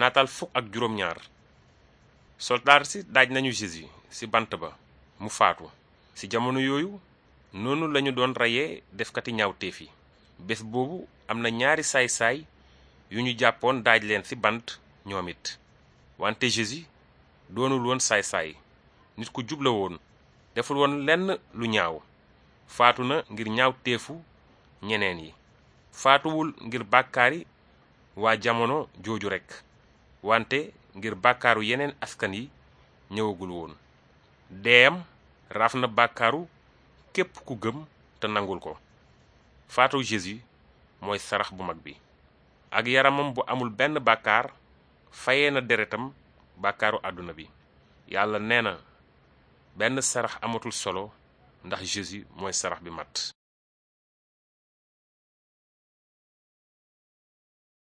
nataal fukk ak juróom-ñaar soldaar si daaj nañu Jésus ci bant ba mu faatu ci jamono yooyu noonu lañu doon reyee defkati ñaawteef yi bés boobu am na ñaari saay-saay yu ñu jàppoon daaj leen ci bant ñoom it wante Jésus doonul woon saay-saay nit ku jubla woon deful woon lenn lu ñaaw faatu na ngir ñaawteefu ñeneen yi faatuwul ngir bàkkaari waa jamono jooju rekk wante ngir bàkkaaru yeneen askan yi ñëwagul woon deeyam raaf na bàkkaaru képp ku gëm te nangul ko faatu Jésus mooy sarax bu mag bi ak yaramam bu amul benn bàkkaar fayee na deretam bàkkaaru àdduna bi yàlla nee na benn sarax amatul solo ndax Jésus mooy sarax bi mat